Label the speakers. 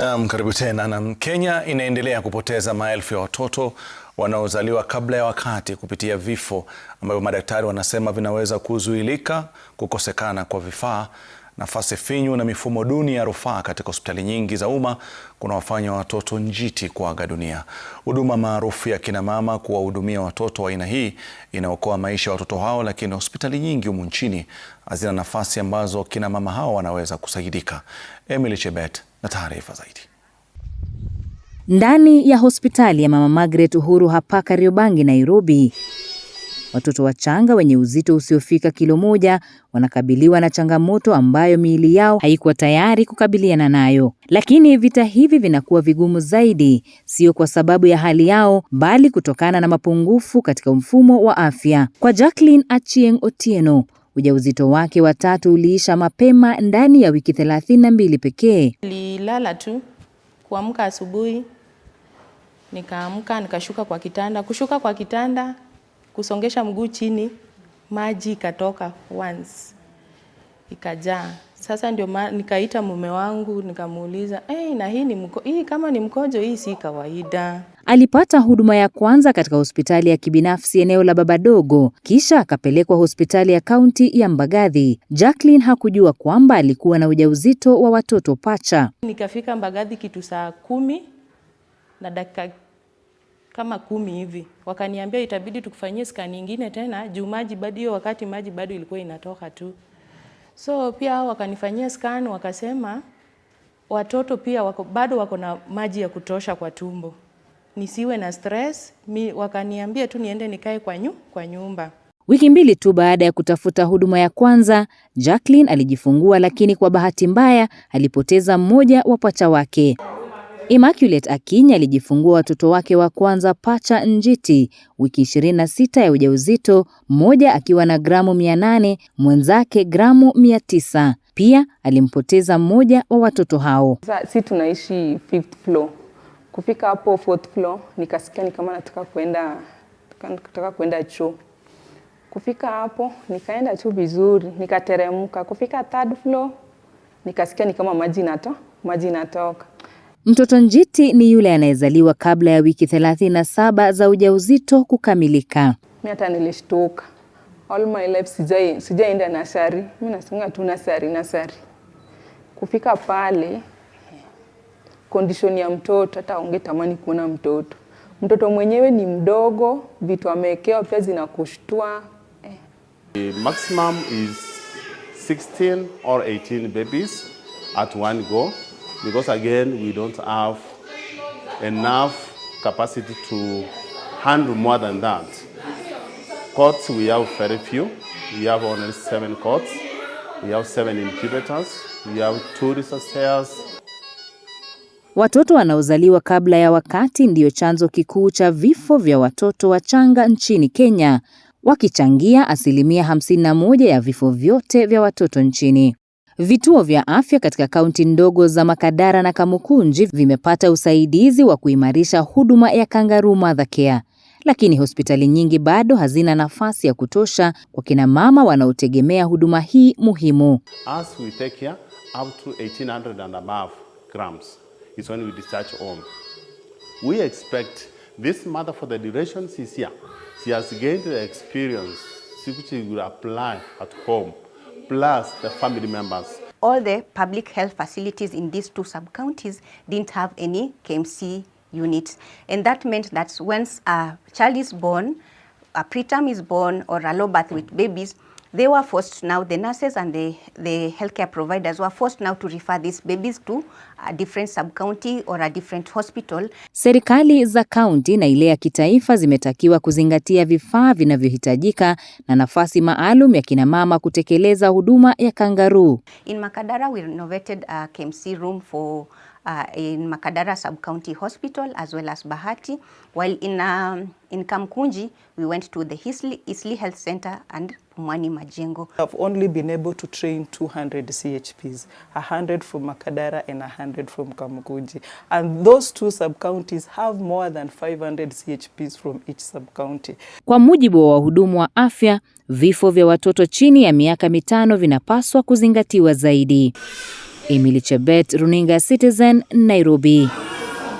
Speaker 1: Naam, karibu tena na Kenya inaendelea kupoteza maelfu ya watoto wanaozaliwa kabla ya wakati kupitia vifo ambavyo madaktari wanasema vinaweza kuzuilika kukosekana kwa vifaa Nafasi finyu na mifumo duni ya rufaa katika hospitali nyingi za umma kunawafanya watoto njiti kuaga dunia. Huduma maarufu ya kina mama kuwahudumia watoto wa aina hii inaokoa maisha ya watoto hao, lakini hospitali nyingi humu nchini hazina nafasi ambazo kina mama hao wanaweza kusaidika. Emily Chebet na taarifa zaidi.
Speaker 2: Ndani ya hospitali ya Mama Margaret Uhuru hapa Kariobangi, Nairobi, Watoto wachanga wenye uzito usiofika kilo moja wanakabiliwa na changamoto ambayo miili yao haikuwa tayari kukabiliana nayo. Lakini vita hivi vinakuwa vigumu zaidi, sio kwa sababu ya hali yao, bali kutokana na mapungufu katika mfumo wa afya. Kwa Jacqueline Achieng Otieno, ujauzito wake wa tatu uliisha mapema ndani ya wiki thelathini na mbili pekee.
Speaker 3: Nililala tu kuamka asubuhi, nikaamka nikashuka kwa kitanda. Kushuka kwa kitanda kusongesha mguu chini, maji ikatoka once ikajaa. Sasa ndio nikaita mume wangu nikamuuliza, hey, eh, na hii ni mko, hii kama ni mkojo hii si kawaida.
Speaker 2: Alipata huduma ya kwanza katika hospitali ya kibinafsi eneo la Babadogo, kisha akapelekwa hospitali ya kaunti ya Mbagathi. Jacqueline hakujua kwamba alikuwa na ujauzito wa watoto pacha.
Speaker 3: Nikafika Mbagathi kitu saa kumi na dakika kama kumi hivi, wakaniambia itabidi tukufanyie scan nyingine tena juu maji bado, hiyo wakati maji bado ilikuwa inatoka tu. So pia wakanifanyia scan, wakasema watoto pia wako, bado wako na maji ya kutosha kwa tumbo, nisiwe na stress mi, wakaniambia tu niende nikae kwa, nyu, kwa nyumba.
Speaker 2: Wiki mbili tu baada ya kutafuta huduma ya kwanza, Jacqueline alijifungua, lakini kwa bahati mbaya alipoteza mmoja wa pacha wake. Immaculate Akinyi alijifungua watoto wake wa kwanza pacha njiti wiki 26 ya ujauzito, mmoja akiwa na gramu 800, mwenzake gramu 900. Pia alimpoteza mmoja wa watoto hao.
Speaker 4: Si tunaishi fifth floor, kufika hapo fourth floor nikasikia ni kama nataka kwenda nataka kwenda choo. Kufika hapo nikaenda choo vizuri, nikateremka. Kufika third floor nikasikia ni kama maji inatoka maji natoka
Speaker 2: Mtoto njiti ni yule anayezaliwa kabla ya wiki 37 za ujauzito kukamilika.
Speaker 4: Mimi hata nilishtuka. All my life sijai sijaenda nasari. Mimi nasonga tu nasari nasari. Kufika pale kondishoni ya mtoto hata ungetamani kuona mtoto. Mtoto mwenyewe ni mdogo, vitu amewekewa pia zinakushtua. Eh.
Speaker 5: The maximum is 16 or 18 babies at one go because again, we don't have enough capacity to handle more than that. Courts, we have very few. We have only seven courts. We have seven incubators. We have two resources.
Speaker 2: Watoto wanaozaliwa kabla ya wakati ndiyo chanzo kikuu cha vifo vya watoto wachanga nchini Kenya, wakichangia asilimia 51 ya vifo vyote vya watoto nchini. Vituo vya afya katika kaunti ndogo za Makadara na Kamukunji vimepata usaidizi wa kuimarisha huduma ya kangaroo mother care, lakini hospitali nyingi bado hazina nafasi ya kutosha kwa kina mama wanaotegemea huduma hii muhimu.
Speaker 6: As we take care, up to 1800 and above grams is when we discharge home. We expect this mother for the duration she's here, she has gained the experience she will apply at home plus the family members.
Speaker 7: All the public health facilities in these two sub-counties didn't have any KMC units. And that meant that once a child is born, a preterm is born or a low birth weight babies, they were forced now, the nurses and the, the healthcare providers were forced now to refer these babies to a different sub-county or a different hospital.
Speaker 2: Serikali za kaunti na ile ya kitaifa zimetakiwa kuzingatia vifaa vinavyohitajika na nafasi maalum ya kina mama kutekeleza huduma ya kangaroo.
Speaker 7: In Makadara we renovated a uh, KMC room for uh, in Makadara Sub-County Hospital as well as Bahati. While in, um, in Kamkunji, we went to the Isli Health Center and Pumwani Majengo.
Speaker 8: I've only been able to train 200 CHPs, 100 from Makadara and 100 from Kamkunji. And those two sub-counties have more than 500 CHPs from each sub-county.
Speaker 2: Kwa mujibu wa wahudumu wa afya, vifo vya watoto chini ya miaka mitano vinapaswa kuzingatiwa zaidi. Emily Chebet, runinga Citizen, Nairobi.